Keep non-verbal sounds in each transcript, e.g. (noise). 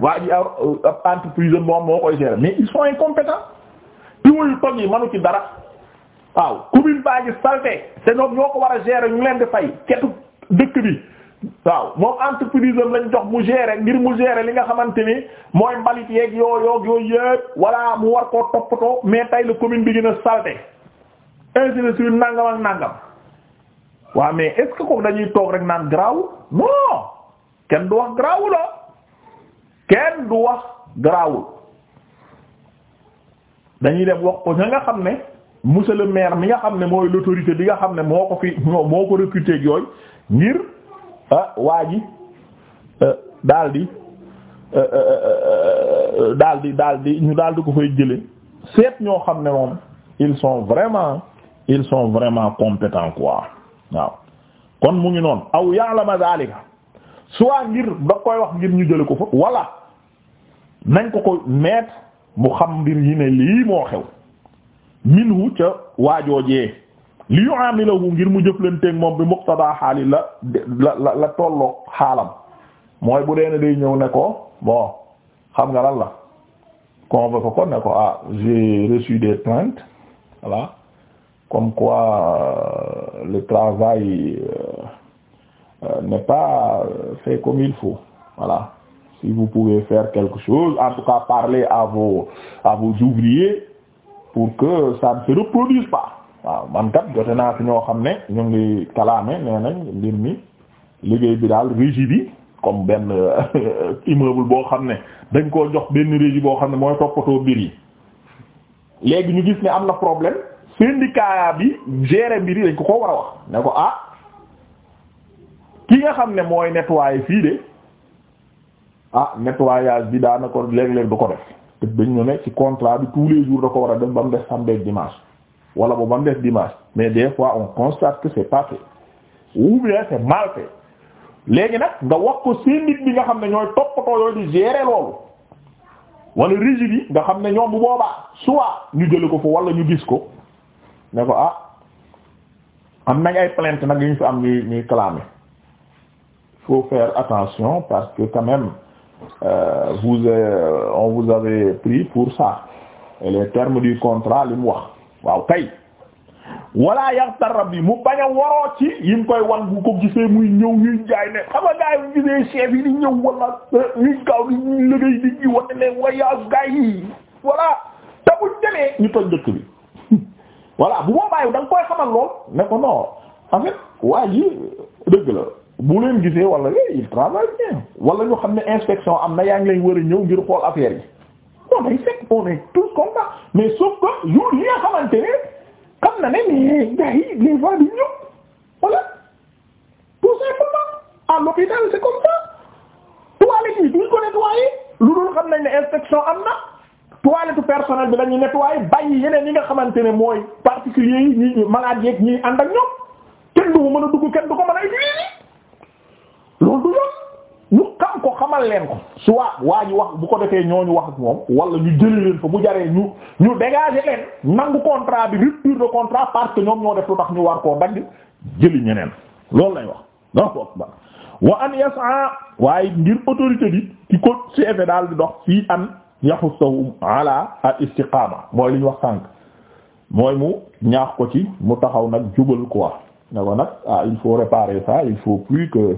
waa ji ab entreprise moom moo koy gérer mais ils sont incompétents tuyaux yu toj yi manu ci dara waaw commune baa ngi salté te ñoom ñoo ko war a gérer ñu leen di fay ketu dëkk bi waaw moom entreprise am lañ jox mu gérer ngir mu gérer li nga xamante ni mooy mbalit yeeg yoo yoog yooyu yëpp walla mu war koo toppatoo mais tey la commune bi gën a salté ainsi de suite ak nangam waaw mais est-ce que kooku dañuy toog rek naan graw non kenn du wax graw kenn du wax garaawul dañuy dem wax ko ña nga xam ne monsieur le maire mi nga xam ne mooy l'autorité bi nga xam ne moo ko fi moo ko recruté ak ngir ah waa ji euh, di euh, euh, di daldi di ñu di ko fay jële seet ñoo xam ne moom ils sont vraiment ils sont vraiment compétents quoi waaw kon mu ngi noonu aw ya'lama zalika soit ngir da koy wax ngir ñu jële ko fa walla nañ ko ko mettre mu xam mbir yi ne lii moo xew minhu ca waajoojee li yu'amilahu ngir mu jëflanteeg moom bi muqtada xaali la la la tolloo xaalam mooy bu dee ne day ñëw ne ko bo xam nga lan la convoqué ko ne ko ah j'ai reçu des plaintes voilà comme quoi euh, le travail euh, euh, n'est pas fait comme il faut voilà si vous pouvez faire quelque chose en tout cas parler à vos à vos ouvriers pour que ça ne se reproduise waaw man kat jote naa fi ñoo xam ne ñu ngi kalaame nee nañ mbir mi liggéey bi daal régie bi comme benn euh, (laughs) immeuble boo xam ne dañ koo jox benn régie boo xam ne mooy toppatoo mbir yi léegi ñu gis ne am na problème syndicat bi gérer mbir yi dañ ko ko war wax ne ko ah ki nga xam ne mooy nettoyer fii de ah nettoyage bi daanaka léeg-léeg du ko def te dañ ñu ne ci contrat bi tous les jours da ko war a def ba mu def samedi ak dimanche wala bu ba mu def dimanche mais des fois on constate que se pas fait ou bien c'est mal léegi nag nga wax ko seen nit bi nga xam ne ñooy toppatoo yooyu di gérer loolu wala régie nga xam ne ñoom bu boobaa soit ñu jële ko fa wala ñu gis ko ne ko ah am na ngay plainte nag yu ñu fi am ñuy ñuy clamer faut faire attention parce que Euh, vous euh, on vous avait pris pour ça et les termes du contrat li mu wax waaw kay wala yaxtarab bi mu bañ a waroo ci yi mu koy wan bu ko gisee muy ñëw ñuy jaay ne xam nga gars yi bu gisee chef yi di ñëw wala euh, ñuy gaaw di ñu liggéey di ji dëgg la. bu leen gisee wala eh, il travaille bien wala ñu xam ne inspection am na yaa ngi lay war a ñëw ngir xool affaire yi on est sec on est tous comme ça mais sauf que yu li nga xamante ne xam na ne mais gars yi les fois du ñëw voilà tout simplement à l'hôpital c'est comme ça toilettes yi duñ ko nettoyer lu dul xam nañ ne inspection am na tu personal bi dañuy nettoyer bàyyi yeneen yi nga xamante ne mooy particuliers yi ñi malades yeeg ñi ànd ak ñoom kenn du mën a dugg kenn du ko loolu du yoon ñu xam ko xamal leen ko soit waa ñu wax bu ko defee ñooñu wax ak moom wala ñu jëli leen fa bu jaree ñu ñu dégager leen nangu contrat bi rupture de contrat parce que ñoom ñoo def lu tax ñu war koo dagg jëli ñeneen loolu lay wax non non wa an waaye ngir autorité bi ci ko chef daal di dox fii an yaxussahum ala al istiqama mooy li ñu wax sànq mooy mu ñaax ko ci mu taxaw nag jubal quoi ne ko nag ah il faut réparer ça il faut plus que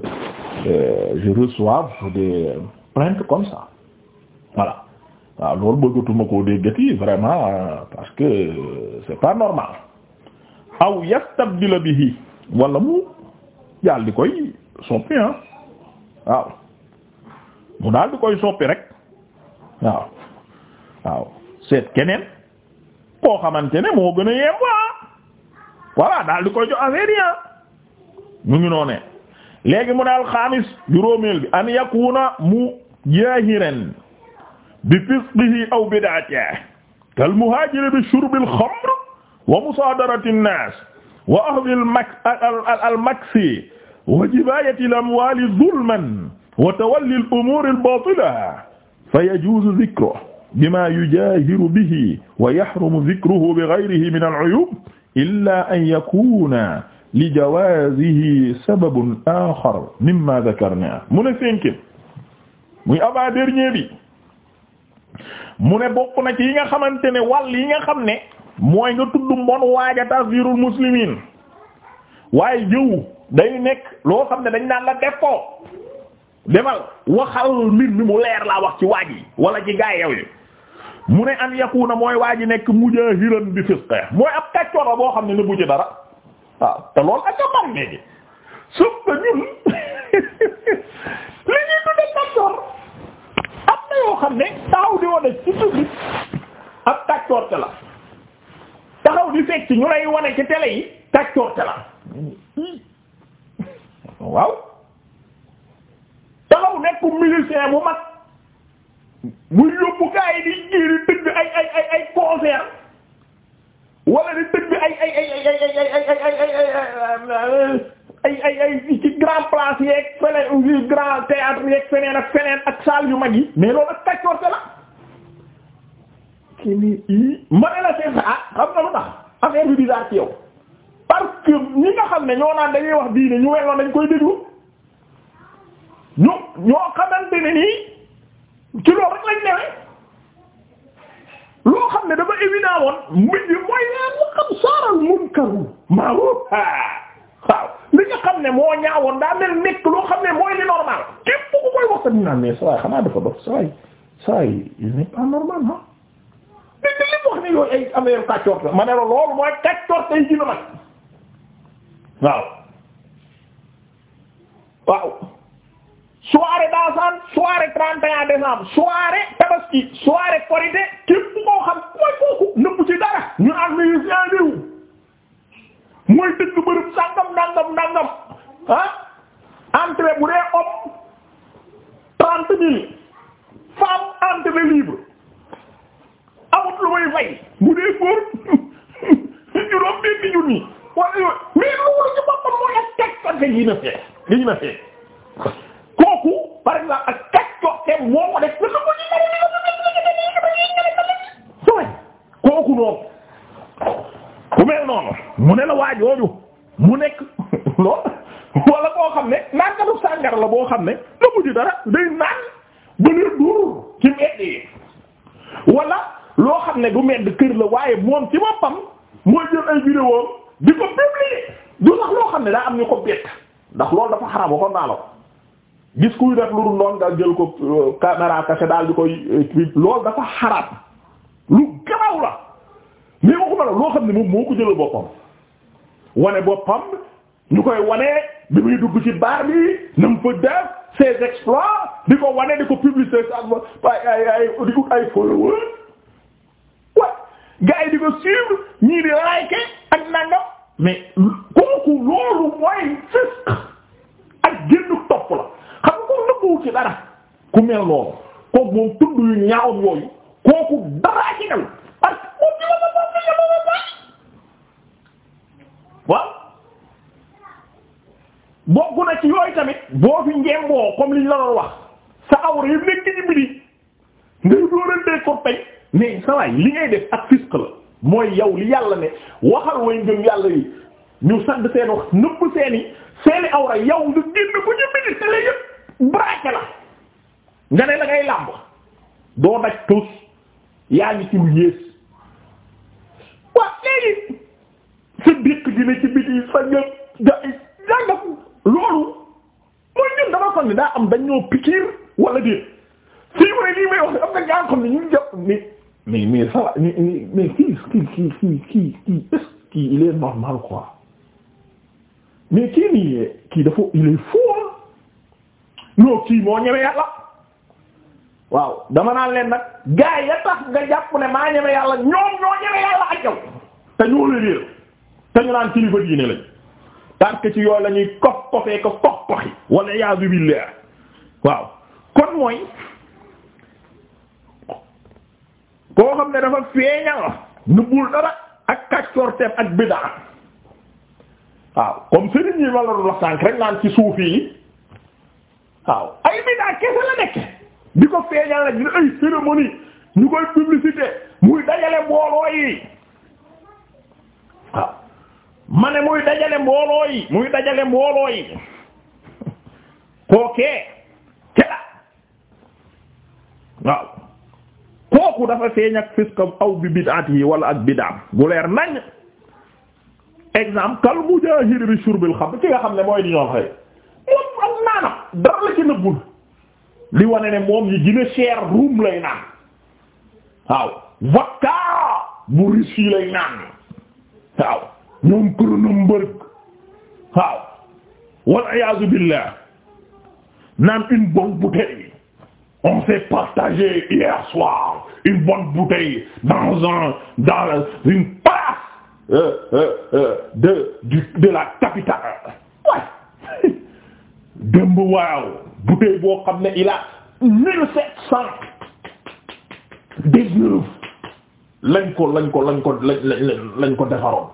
Euh, je reçois des plaintes comme ça voilà waaw loolu bëggatuma koo déggati vraiment parce que c'est pas normal aw bi bihi wala mu daal di koy soppi ah waaw mu daal di koy soppi rek waaw waaw seet keneen koo xamante ne moo gën a yem waa voilà daal di koy jox affaire yi mu ngi noonee léegi mu ne alxaamis juróomeel bi an yakuna mu jaahiran bi fisqihi aw bid'atihi kal muhaajiri bi shurbil xamr wa musaadarati nnaas wa axdi al maksi wa jibaayati al amwaali zulman wa tawalli al umuur al baatila fa yajuuzu zikruhu bimaa yujaahiru bihi wa yaxrumu zikruhu bi gayrihi min al uyuub illaa an yakuuna li jawaazihi sababun axar mimma dakarna mu ne cinquième muy avant dernier bi mu ne bokk na ci yi nga xamante ne wàll yi nga xam ne mooy nga tudd mbon waaja tasvirul muslimin waaye jëw day nekk loo xam ne dañ naan la def ko demal waxal mbir mi mu leer laa wax ci waaj yi wala ci gaay yow mu ne an yakuna mooy waaji nekk mujahiran bi fisqe mooy ab kàccoor la boo xam ne ne ci dara waaw te loolu ak a bari léegi sauf ñun (laughs) li ñuy tudde tàccoor am na yoo xam ne taxaw di wane ci public ak tàccoor te la taxaw di fekk ci ñu lay wane ci télé yi tàccoor te la (laughs) waaw taxaw nekk musicien bu mag muy yóbbu gaa yi di jiiri tëgg ay ay ay ay concert wala di dëgg ay ay ay ay ay ay ay ay ci grand place yeeg feneen grand théâtre yeeg feneen ak feneen ak salle yu mag yi mais loolu ak kaccoorte la ki ni i mane la seen ah xam nga lu tax affaire bi bizarre ci yow parce que ñi nga xam ne ñoo naan dañuy wax diine ñu welloon dañ koy déglu ñu ñoo xamante ne nii ci loolu rek lañ newee loo xam ne dafa évident woon mbir mooy yaa mu xam saaral munkaru ma'ruf waaw li nga xam ne moo ñaawoon daa mel nekk loo xam ne mooy li normal képp ku koy wax dina ne saa yi xanaa dafa dof saa yi saa yi il n'est pas normal ah. mais li mu wax ne yooyu ay affaire kàccoor la ma ne la loolu mooy kàccoor tey ji la nag waaw soirée dansante soirée 31 décembre soirée tabaski soirée korité képp koo xam mooy kooku nëbb ci dara ñu naan musicien liw mooy dëgg bërëb sàngam nangam nangam ah entrée bu dee homme trente mille femme entrée libre amut lu may fay bu dee góor (laughs) juróom benn junni wala yooyu mais loolu ci boppam mooy ak teg parce que yi na fee yi na fee kooku par exemple ak kàccoog tey moo ko def ko ci kooku noonu ku mel noonu mu ne la waa jooju mu nekk (laughs) lool wala boo xam ne nankatu sàngara la boo xam ne la mujj dara day wala loo xam ne du medd kër la waaye moom ci boppam mooy jël ay vidéo di ko publier du sax loo xam ne daa am ñu ko bett ndax loolu dafa xaram waxoon naa la ko gis kuy def lu dul noonu nga jël ko euh, caméra cachée daal di koy euh, loolu dafa xaraam lu garaw la mais waxuma la loo xam ne moom moo ko jëlal boppam wane boppam ñu koy wane bi muy dugg ci baar bi na def ses di ko wane di ko publicité ay ay ay di ko ay follower wa gars yi di ko suivre ñii di like ak nangam mais kooku loolu la nëbbuwul ci dara ku mel noonu kooku moom tudd yu ñaaw yooyu kooku daraa ci dem parce que moom na ci yooyu tamit boo fi njemboo comme liñ la doon wax sa awra yi nekk ci midi ngay dóorantee ko tey mais sa li ngay def ak fisq mooy yow li yàlla ne waxal way ngëm yàlla yi ñu sadd seen nëbb seeni seeni awra yow nga génn ko ñu midi tele yëpp braqué la nga ne la ngay làmb doo daj tus yaa ngi ci lu yées waa léegi sa dëkk sa ñëpp da loolu mooy ñun dama xam ne daa am dañ ñoo pikiir wala déet fii mu ne lii may wax am na ngaa kii kii kii kii kii kii est-ce qu'il est normal kii nii kii dafa il noo kii moo ñeme yàlla waaw dama naan leen nag gaa ya tax nga jàpp ne maa ñeme yàlla ñoom ñoo ñeme yàlla ak yow te ñoo la réer te ñu naan kilifa lañ parce que ci yooyu lañuy ñuy kof kofee ko kof koxi wala yaazu billah waaw kon mooy koo xam ne dafa feeñal nëbbul dara ak kàccoorteem ak bid'a waaw comme Serigne yi ma la doon rek naan ci suuf yi waaw ay biddaa kese la nekk di ko feeñal nag ñu ay cérémonie ñu koy publicité muy dajale mbooloo yi waaw ma ne muy dajale mbooloo yi muy dajale mbooloo yi kookee ke la waaw kooku dafa feeñ ak fiskam aw bi bid'ati yi wala ak bid'am bu leer nañ exemple kal mujaahir bi shurbil xamr ki nga xam ne mooy di ñoon xëy dara la nëbbul li wane ne moom yi gën cher ruum lay naan waaw bu riche yi lay naan waaw ñoom Kronenbourg waaw wal naan une bonne bouteille on s'est partagé hier soir une bonne bouteille dans une place euh, euh, euh, de de la capitale waaw bouteille boo xam ne il a mille sept cent lañ ko lañ ko lañ ko lañ ko defaroon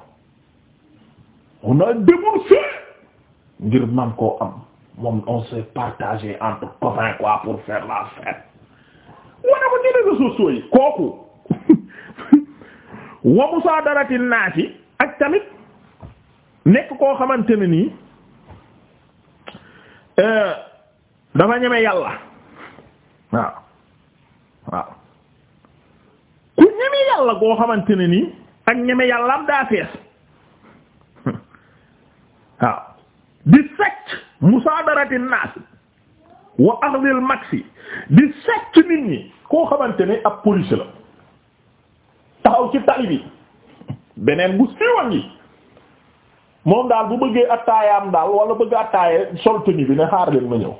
on a déboursé ngir man koo am moom on s'est partagé entre copains quoi pour faire la fête wane ko ci réseaux sociaux yi kooku (laughs) wa musaadaratin naasi ak tamit nekk koo xamante nii Euh, dafa ñeme yàlla waaw waaw ku ñeme yàlla goo xamante ne nii ak ñeme yàlla am daa fees (laughs) waaw di sàcc musaadarati naas wa axdil maxi di sàcc nit ñi koo xamante ne ab police la taxaw ci tali bi beneen bu siiwan yi moom daal bu bëggee attaayaam daal wala bëgg attaaye sol tenue bi ne xaar leen ma ñëw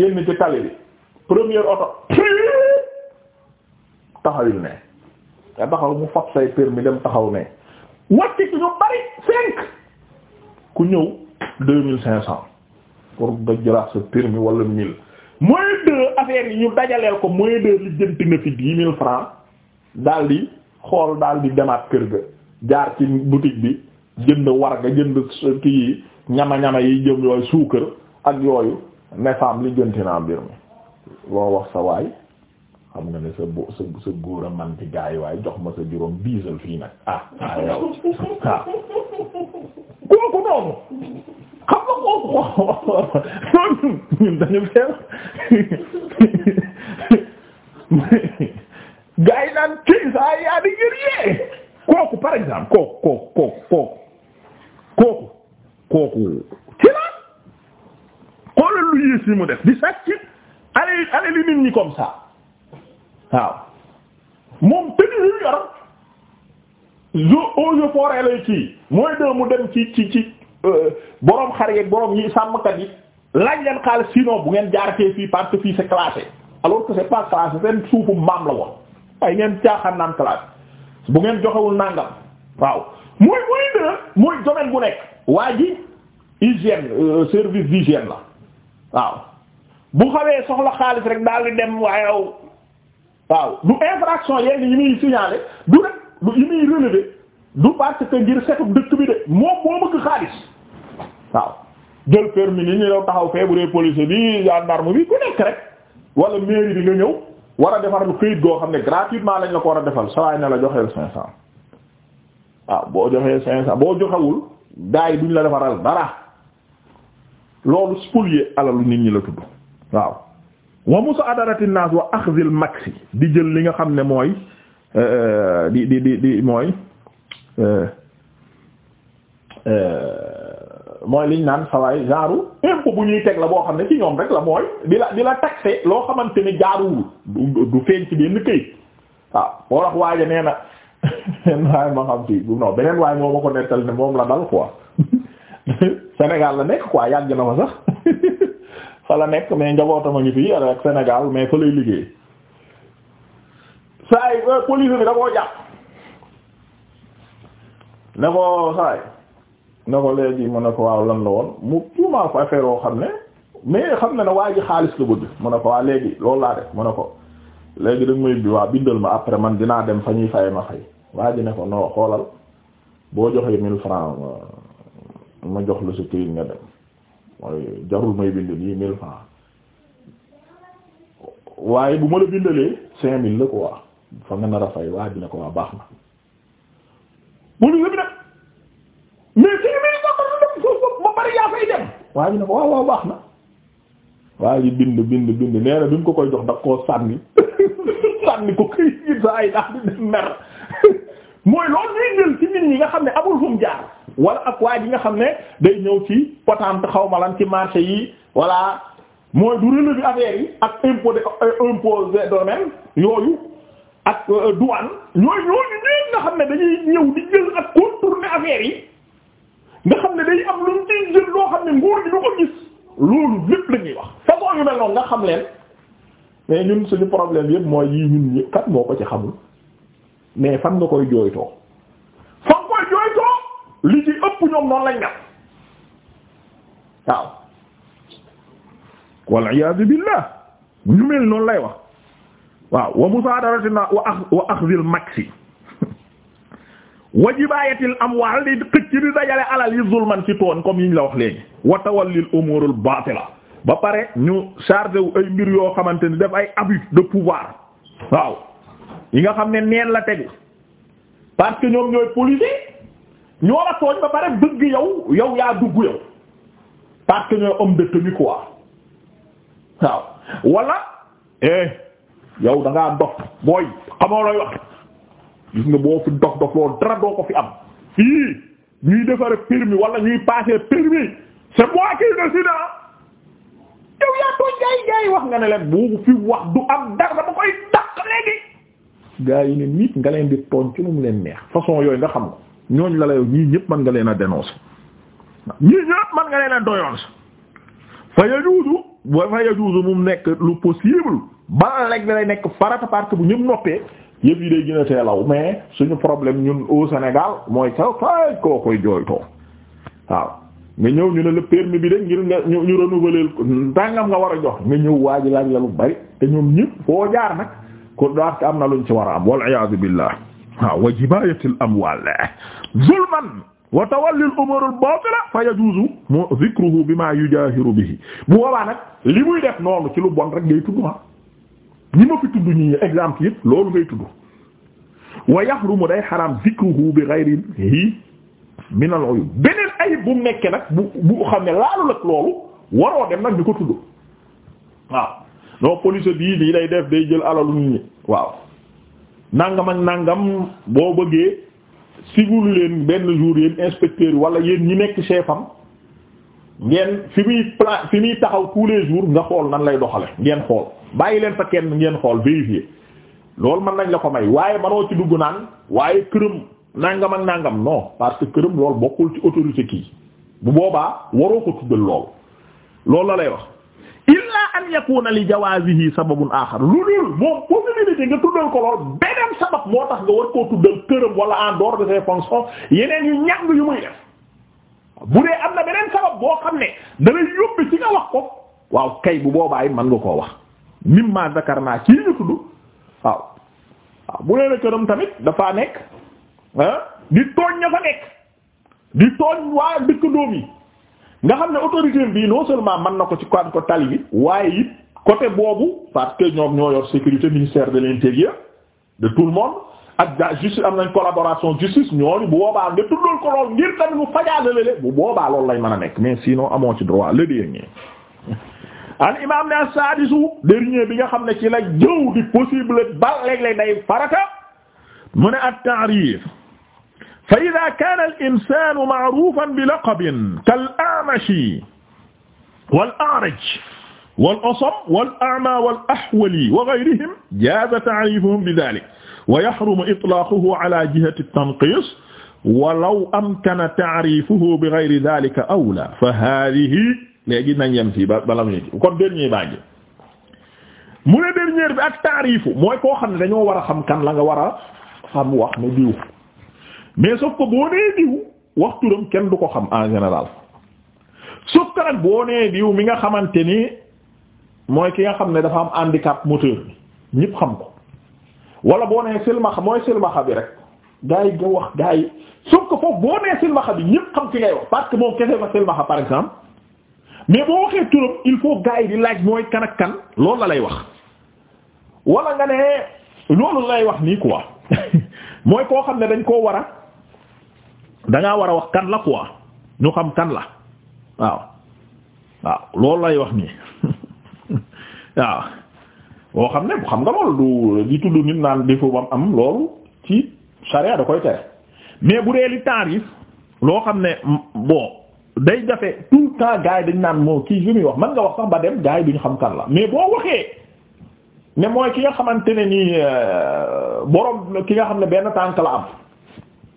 génn ci tali bi première oto (coughs) taxawil ne nga taxaw mu fab say permis dem taxaw ne wàcc ci ñu bari cinq ku ñëw deux mille cinq cents pour nga jëlaat sa permis wala mille mooy deux affaires yi ñu dajaleel ko mooy deux li jënti fi dix mille francs daal di xool daal di demaat kër ga jaar ci boutique bi jënd warga jënd kii ñama ñama yi jëm yooyu suukar ak yooyu ne faam li jënti naa mbir mi loo wax sa waay xam nga ne sa sa góor a man ci gaay waaye jox ma sa juróom biisal fii nag ah ah yow ah noonu xam nga kooku (laughs) ñun dañu feer (laughs) li mu def di sàcc ale ale li nit ñi comme ça waaw moom tëdd yu yor mooy doo mu dem ci ci ci euh, borom xar yeeg borom yi sàmmkat yi laaj ngeen xaalis sinon bu ngeen jaar fee fii parce que fii c'est classé alors que c'est pas classé seen suufu mbaam la woon ay ngeen caaxaan naan classé bu ngeen joxewul nàngam waaw mooy mooy dë mooy domaine bu nekk waa ji hygiène euh, service d'hygiène la waaw bu xawee soxla xaalis rek daal di dem waaye yow waaw du infraction yenn yi muy signaler du rek du yi muy relever du parce que ngir setub dëkk bi de moom moo bëgg xaalis waaw jël permis ni ñu taxaw fee bu dee police bi gendarme bi ku nekk rek wala mairie bi nga ñëw war a defar lu këyit goo xam ne gratuitement lañ la ko war a defal sawaay na la joxeel cinq waaw boo joxee cinq boo joxewul gars yi duñ la defaral dara loolu spolier alalu nit ñi la tudd waaw wa musadarati nas wa axzil maxi di jël li nga xam ne mooy euh, di di di di mooy euh, euh, mooy liñ naan sawaay genre impôt bu ñuy teg la boo xam ne ci ñoom rek la mooy di la di la taxé loo xamante ne jaaruwul du feeñ ci benn këyit waaw moo tax waaye nee na beneen (laughs) waaye ma xam bu non beneen waaye moo ma ko nettal ne moom la dal quoi (laughs) (laughs) Sénégal la nekk quoi yàgg na fa sax (laughs) fa la nekk mais njabootam a ngi fii ak Sénégal mais fa lay liggéey saa yi police bi da koo jàpp ne ko saa yi ne ko léegi mu ne ko waaw lan la woon mu tuumaal ko affaire yoo xam ne mais xam na ne ji xaalis la bëgg mu ne ko waa léegi loolu laa def mu ne ko léegi da nga may bi waa bindal ma après man dinaa dem fa ñuy fay ma fay waa ji ne ko non xoolal boo joxee mille francs ma jox la sa këyit nga dem mooy jarul may bind nii mille francs waaye bu ma la bindalee cinq mille la ko waa fa nga nar a fay waa dina ko waa baax na bulu la mais ko ko ji bind bind bind nee na sànni (laughs) sànni ko këyit saa ay daal di dem mer (laughs) mooy loolu ñuy jël ci nit ñi nga xam ne amul fu jaar wala ak waa ji nga xam ne day ñëw ci potente xaw ma lan ci marché yi voilà mooy du relevé affaire yi ak impôt impôt domaine yooyu ak euh, douane ñooy ñooñu ñëpp nga xam ne dañuy ñëw di jël ak contourner affaire yi nga xam ne day am luñ ciy jël loo xam ne nguur gi du ko gis loolu lépp la wax façon yu mel noonu nga xam leen mais ñun suñu problèmes yëpp mooy yii ñun ñëpp kat moo ko ci xamul mais fan nga koy jooytoo li ci ëpp ñoom noonu lañ def waaw wal iyaadu billah ñu mel noonu lay wax waaw wa musaadaratina wa ak wa akhdhil maksi wa jibaayatil amwaal di xëcc di dajale alal yi zulman ci toon comme yiñ la wax léegi wa tawallil umuurul baatila ba pare ñu chargé wu ay mbir yoo xamante ni def ay abus de pouvoir waaw yi nga xam ne neen la tegu parce ñoom ñooy politique ñoo la tooñ ba pare bëgg yow yow yaa dugg yow parce ñooy homme de tenue waaw wala eh, yow da ngaa dof booy xamoo lay wax gis nga boo fi dof dof loolu dara doo ko fi am fii ñuy defare permis wala ñuy passer permis c'est moi qui décide yow yaa tooñ gaay gaay wax nga ne leen bu fi wax du am dara ba koy dàq léegi gaa yi ne nit nga leen di tooñ ci lu mu leen neex façon yooyu nga xam ko ñooñ la la yow ñii ñëpp man nga leen a dénoncer ñii ñëpp mën nga leen a doyoons fa yajuuzu ba fa yajuuzu mu nekk lu possible ba lekk lay nekk farata parce bu ñëpp noppee yëpp yi day gën a teelaw mais suñu problème ñun au Sénégal mooy kaw kaay koo koy jooytoo waaw nga ñëw ñu ne le permis bi de ngir nga ñu ñu renouveler ndàngam nga war a jox nga ñëw waaj laaj la lu bari te ñoom ñëpp foo jaar nag ko daal am na luñ ci war a am wal iyaazu bi waaw ah, wa jibayatil amwal zulman wa tawalli al umur al batila fa yajuzu mu dhikruhu bima yujahiru bihi bu boobaa nag li muy def noonu ci lu bon rek ngay tudd ma ah. ñi ma fi tudd ñi exemple yëpp loolu ngay tudd wa yahrumu day xaraam dhikruhu bi ghayrihi min al uyub beneen ayib bu nekkee nag bu bu xam ne laalu lak loolu waroo dem nag di ko tudd waaw non police bii lii lay def day jël alalu nit ñi waaw nangam ak nangam boo bëggee sigulu leen benn jour yéen inspecteur wala yéen ñi nekk chefam ngeen fi muy pla fi muy taxaw tous jour jours nga xool nan lay doxale ngeen xool bàyyi leen fa kenn ngeen xool vérifier loolu mën nañ la ko may waaye manoo ci dugg naan waaye këram nangam ak nangam non parce que këram loolu bokkul ci autorité kii bu boobaa waroo ko tuddal lool loolu la lay wax. illaa an yakuna li sababun aaxar lu dul moom possibilité nga tuddal ko lool beneen sabab moo tax nga war koo tuddal këram wala en dehors de ses fonctions yeneen yu ñàng yu muy def bu dee am na beneen sabab boo xam ne dana yóbbi ci nga wax ko waaw kay bu boobaa man mën nga koo wax mimma zakar naa kii ñu tudd waaw waaw bu dee na këram tamit dafaa nekk ah di tooñ ña fa nekk di tooñ waa dëkk doom yi nga xam ne autorité bi non seulement man na ko ci kan ko tali bi waaye it côté boobu parce que ñoom ñoo yor sécurité ministère de l'intérieur de tout le monde ak justice am nañ collaboration justice ñooñu bu boobaa nga tuddal ko lool ngir tamit mu fajaalalale bu boobaa loolu lay mën a nekk mais noo amoo ci droit le dernier al (laughs) imam ne as-sadisu dernier bi nga xam ne ci la jëw di possible ba léeg-léeg day farata mu ne at-ta'rif fa ida kaana al insanu maarufan bi laqabin kal amashi wal araj wal asam wal ama wal ahwali wa gayrihim jaaza taarifuhum bi dalik wa yaxrumu itlaaquhu ala jihati tanqis walaw amkana taarifuhu bi gayri dalika awla fa haadihi léegi nañ yem fii ba bala muy kon dernier baa ngi mu ne dernier bi ak taarifu mooy koo xam ne dañoo war a xam kan la nga war a xam wax ne diw mais sauf ko boo nee diw waxturam kenn du ko xam en général sauf que nag boo nee diw mi nga xamante ni mooy ki nga xam ne dafa am handicap moteur bi ñëpp xam ko wala boo nee silmaxa mooy silmaxa bi rek gaa yi nga wax gaa yi sauf que foofu boo nee silmaxa bi ñëpp xam ki ngay wax parce que moom kese fa silmaxa par exemple mais boo waxee turam il faut gaa yi di laaj mooy kan kan loolu la lay wax wala nga ne loolu lay wax nii quoi (laughs) mooy koo xam ne dañ koo war da war a wax kan la quoi ñu xam kan la waaw waaw loolu lay wax nii (laughs) waaw boo xam ne bu xam nga loolu du di tudd nit naan défaut bam am loolu ci charia da koy tere mais bu dee li tarif loo xam ne bon day jafe tout le temps gars dañ naan moo kii bi muy wax man nga wax sax ba dem gars yi duñu xam kan la mais boo waxee ne mooy ki nga xamante ne nii euh, borom ki nga xam ne benn tànk la am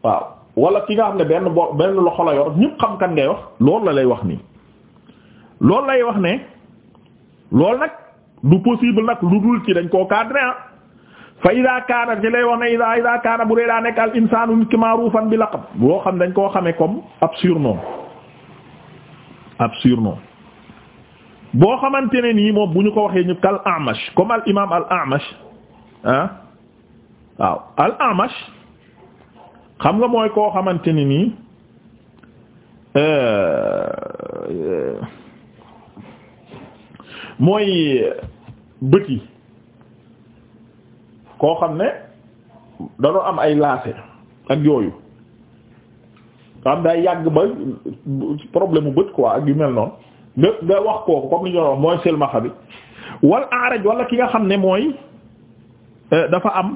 waaw wala ki nga xam ne benn bo benn loxo la yor ñëpp xam kan ngay wax loolu la lay wax nii loolu lay wax ne loolu nag du possible nag lu dul ci dañ koo cadré ah fa ida kaana ci lay wax ne ida ida kaana bu dee daa nekk al insaanu nit ki ma'rufan bi laqab boo xam dañ koo xamee comme ab surnom ab surnom boo xamante ne nii moom bu ñu ko waxee ñu kal amash comme al imam al amash ah. waaw al amash xam nga mooy koo xamante ni nii euh, euh, mooy bët yi koo xam ne danoo am ay laase ak yooyu nga xam day yàgg ba problème bu bët quoi ak yu mel noonu nga nga wax kooku comme ni ñu wax mooy silmaxa bi wal aaraj wala ki nga xam ne mooy euh, dafa am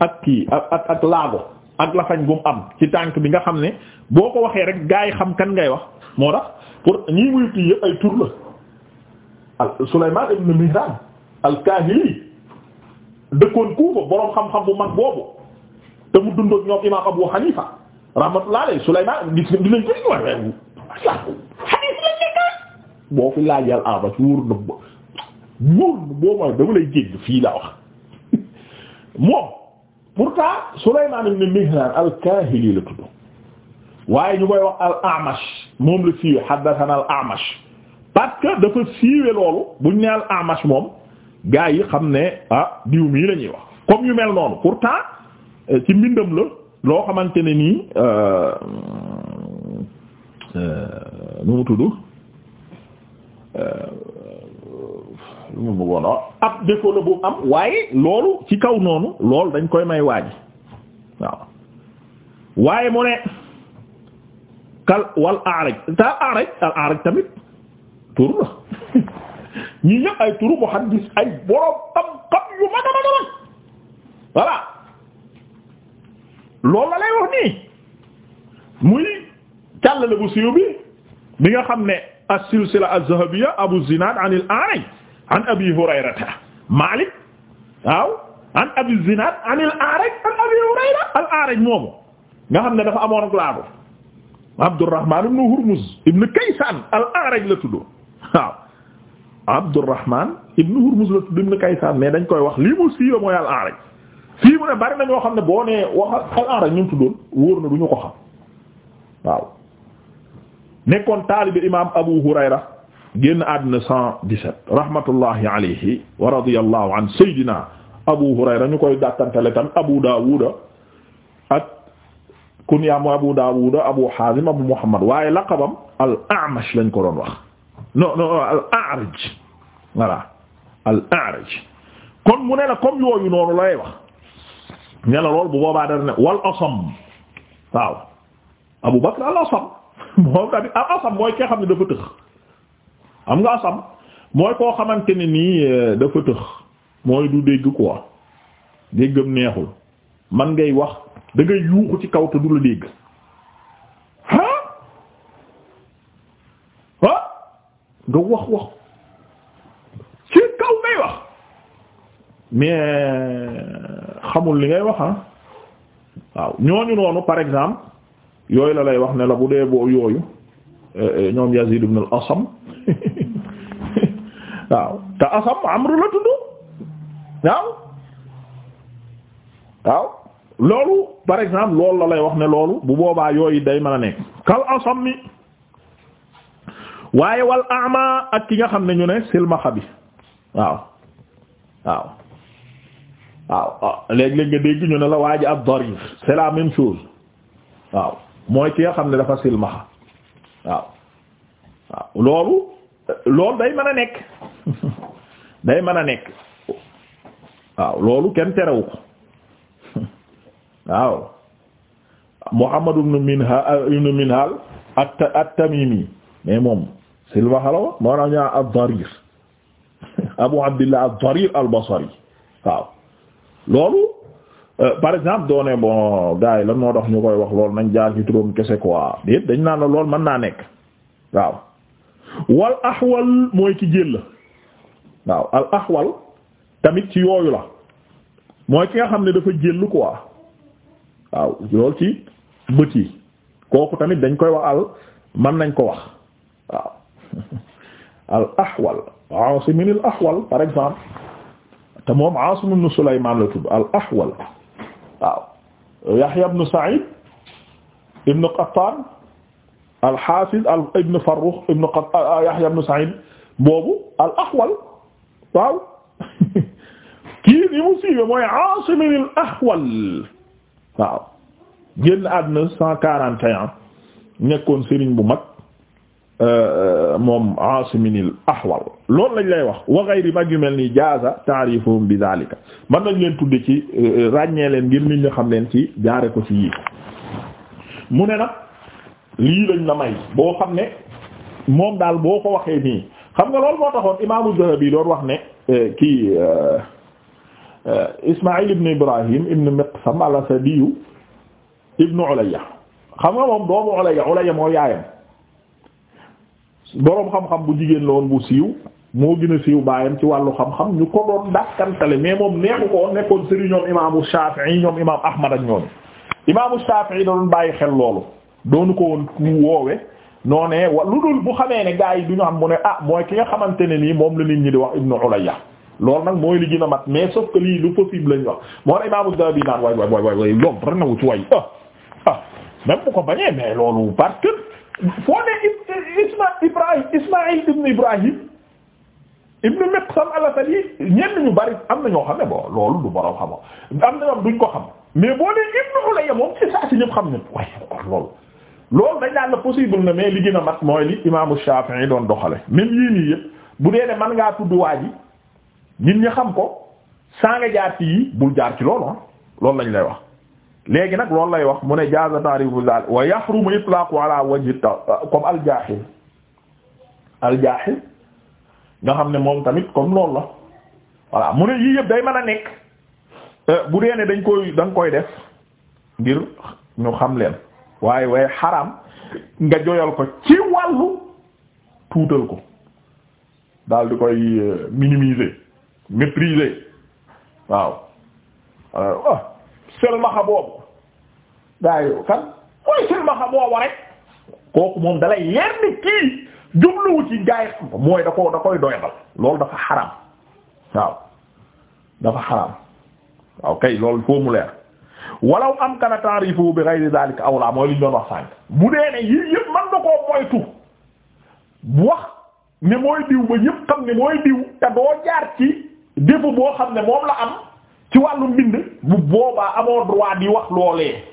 ak kii ak ak ak laago ak lafañ gum am ci tànk bi nga xam ne boo ko waxee rek gaa yi xam kan ngay wax moo tax pour ñii muy kii yëpp ay tur la al Sulaymaan Mihraan al dëkkoon Kuufa boroom xam-xam bu mag boobu te mu dundoon ñoom imaam Abu Hanifa rahmatullahi alayhi Sulaymaan gis dinañ ko wax xadiis boo fi laaj yàlla aba ci wóor na boo ma dama lay jégg fii laa wax (laughs) moom pourtant Sulaymaan ibn Mihraan al la tudd waaye ñu koy wax al-A'mash moom la siiwee haddathana al-A'mash parce que dafa siiwee loolu buñ ne al-A'mash moom gaa yi xam ne ah diw mii lañuy wax comme yu mel noonu pourtant euh, ci mbindam la loo xamante ne nii euh, euh, nu mu tudd lu mu bëggoon loolu ci kaw noonu loolu dañ koy may waaj waaw waaye mu ne kal wal aaraj te aaraj al aaraj tamit tur la (laughs) ñi ay turu muhaddis ay borom xam-xam yu mag a mag a mag voilà loolu la lay bu siiw bi bi nga xam ne as-silsila az-zahabiyya Abu Zinad an al an abi hurayrata malik waaw an abi zinad an abi hurayra al a'raj moomu nga xam ne dafa amoon ak laado abdurrahman ibn hurmuz ibn kaysan al a'raj la tudd waaw abdurrahman ibn hurmuz la tudd ibn kaysan mais dañ koy wax lii mu siiwa mooy al a'raj fii mu ne bari na ñoo xam ne boo nee wax al a'raj ñu tuddoon wóor na du ñu ko xam waaw nekkoon taalibe imaam abu hurayra génn àdduna 117 rahmatullahi alayhi wa radiyallahu an saydina Abu Hurayra ñu koy dàkkantele tam Abu Daawuda ak kunyaam Abu Daawuda Abu Haazim Abu Muhammad waaye laqabam al A'mash lañ ko doon wax non non al A'raj voilà al A'raj kon mu ne la comme yooyu noonu lay wax ne la (laughs) am nga asam mooy koo xamante ne nii euh, dafa tëx mooy du dégg quoi déggam neexul man ngay wax da ngay yuuxu ci kaw te du la dégg ah ah nga wax wax ci kaw ngay wax mais euh, xamul li ngay wax ah waaw ñooñu noonu par exemple yooyu la lay wax ne la bu dee boo yooyu euh, ñoom Yazid ibn al-Asam (laughs) waaw te asam amru la tudd waaw waaw loolu par exemple loolu la lay wax ne loolu bu boobaa yooyu day mën a nekk kal asam mi waaye wal ama ak ki nga xam ne ñu ne silmaxa bi waaw waaw waaw ah, léeg-léeg nga dégg ñu ne la waa ji ak darif c'est la même chose waaw mooy ki nga xam ne dafa silmaxa waaw waaw loolu loolu day mën a nekk day mën a nekk waaw loolu kenn terewu ko waaw Muhammad ibn Minha ibn Minhal at-Tamimi mais moom silva xalawa moo naam ñaa ad-Darir Abu Abdillah ad-Darir al-Basri waaw loolu euh, par exemple doone bon gaa yi lan moo tax ñu koy wax loolu nañ jaar ci turam kese quoi déet dañ naan la loolu mën naa nekk waaw wal axwal mooy ki jël waaw al axwal tamit ci yooyu la mooy ki nga xam ne dafa jël quoi waaw lool ci bët yi kooku tamit dañ koy wax al man nañ ko wax waaw (laughs) al axwal Aasim axwal par exemple te moom Aasim ibn Sulaymaan la tudd al axwal waaw Yaxya ibn Sa'iid ibn Qattaan al-Hafiz al ibn Farrukh ibn ah, ah, Yahya ibn Sa'id boobu al-Ahwal waaw (laughs) kii ni mooy Asim al-Ahwal waaw génn àdduna cent quarante et nekkoon sëriñ bu mag euh, euh, moom Asim al-Ahwal loolu lañ lay wax wa ghayri mag mel ni jaaza ta'rifuhum bi dhalika man nañ leen tudde ci euh, ràññee leen ngir nit ñu xam leen ci jaare ko ci yii mu ne lii lañ la may boo xam ne moom daal boo ko waxee nii xam nga lool moo taxoon imaamu Zahabi doon wax ne eh, kii eh, eh, Ismaïl ibn Ibrahim ibn Miqsam al-Asadiyu ibn Ulayya xam nga moom doomu Ulayya Ulayya moo yaayam boroom xam-xam bu jigéen la woon bu siiw moo gën a siiw baayam ci wàllu xam-xam ñu ko doon dàkkantale mais moom neexu ko woon nekkoon sëriñ ñoom imaamu Shafi'i ñoom imaam Ahmad ak ñoom imaamu Shafi'i da doon bàyyi xel loolu doonu ko woon woowe noonee wa lu dul bu xamee ne gaa yi du ñu xam mu ne ah mooy ki nga xamante ne nii moom la nit ñi di wax ibnu ulayya loolu nag mooy li gën a mat mais sauf que lii lu possible lañ wax moo tax Imaamu Dawabi naan waay waay waay waay loolu dara na wut waay ah ah même bu ko bañee mais loolu parce que foo ne Isma Ibrahim Ismaïl ibnu Ibrahim ibnu Miqsam al-Asadi ñenn ñu bari am na ñoo xam ne bon loolu du borom xam am na ñoom duñ ko xam mais boo ñëpp xam ne waaye loolu. loolu dañ daan la possible na mais li gën a mat mooy li imaamu Shafi'i doon doxale même yii nii yëpp bu dee ne mën ngaa tudd waa ji nit ñi xam ko saa nga jaar ci yii bul jaar ci loolu ah loolu lañu lay wax. léegi nag loolu lay wax mu ne jaaza ta'rifu daal wa yahrumu itlaaqu ala ko comme al-jaahil al-jaahil nga xam ne moom tamit comme loolu la waaw mu ne yii yëpp day mën a nekk euh, bu dee ne dañ koy da koy def ngir ñu xam leen. waaye waaye xaraam nga joyal ko ci wàllu tuutal ko daal di koy euh, minimiser mépriser waaw ah selmaxa boobu gaa yi kan mooy selmaxa boobu rek kooku moom dalay leer ni kii jubluwu ci gaa yi mooy da ko da koy doyabal loolu dafa xaraam waaw dafa xaraam waaw kay loolu foo walaw am kana ta'rifu bi ghayri dhalika awla mooy li ñu doon wax sànq mu dee ne yii yëpp man na koo moytu wax ne mooy diw ba ñëpp xam ne mooy diw te doo jaar ci défaut boo xam ne moom la am ci wàllu mbind bu boobaa amoo droit di wax loolee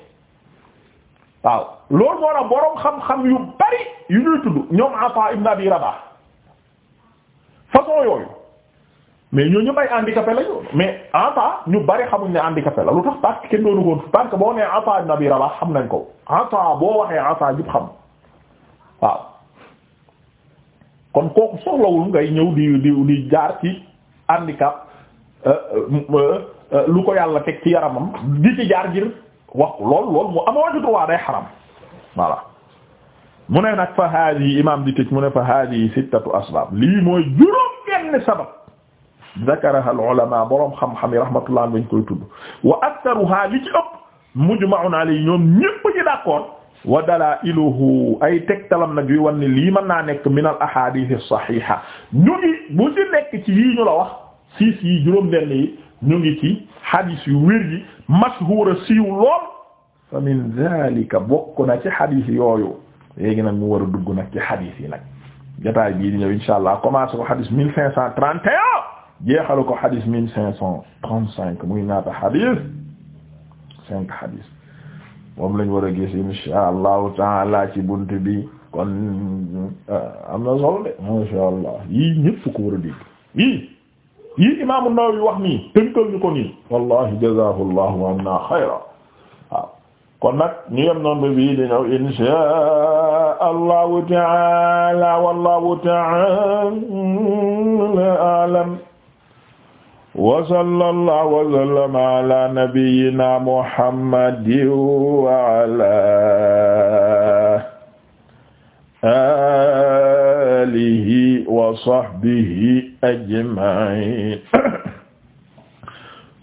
waaw lool moo tax boroom xam-xam yu bari yu ñuy tudd ñoom Ataa ibn Abi Rabah façon yooyu mais ñoo ñëpp ay handicapé lañu mais Ata ñu bari xamuñ ne handicapé la lu tax parce que kenn doonu ko parce que boo nee Ata ibn Abi Rabah xam nañ ko Ata boo waxee Ata xam waaw kon kooku ñëw di di di jaar ci handicap euh, euh, euh, lu ko yàlla teg ci yaramam di ci jaar ngir wax lool lool mu amoo ci droit day xaram voilà mu ne nag fa haadi imam di tëj mu ne fa haadi sittatu asbab lii mooy juróom benn sabab zakaraha al ulama boroom xam-xam yi rahmatullah dañ koy tudd wa aktharuha li ci ëpp mujma'un alayhi ñoom ñépp ci d'accord wa dalailuhu ay tegtalam nag yu wan ne lii mën naa nekk min al ahadith as-sahiha ñu ngi bu ci nekk ci yii ñu la wax siis yi juróom-benn yi ñu ngi ci hadith yu wér yi mashhura siiw lool fa min zalika bokk na ci hadith yooyu léegi nag mu war a dugg nag ci hadith yi nag jotaay bii di ñëw insha allah commencé ko hadith mille cinq cent trente et un jeexalu ko xadis mille cinq cent trente cinq xadis cinq xadis moom lañ war a gis insha allahu taala ci kon euh, am na solo de masha allah yii ñëpp ko war a dégg yii yii imaam an-Nawawi wax nii ko nii wallahi jazaahu allahu anna xayra kon nag ñu yem noon ba bii di ñëw insha taala wallahu taala alam wa sallallahu wa sallama ala nabiyyina muhammadin wa ala alihi wa sahbihi ajma'in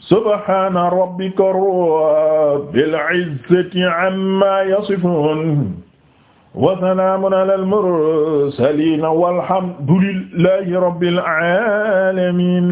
subhana rabbika rabbil izzati amma yasifun wa salaamun alal mursaliin walhamdu lillahi rabbil aalamiin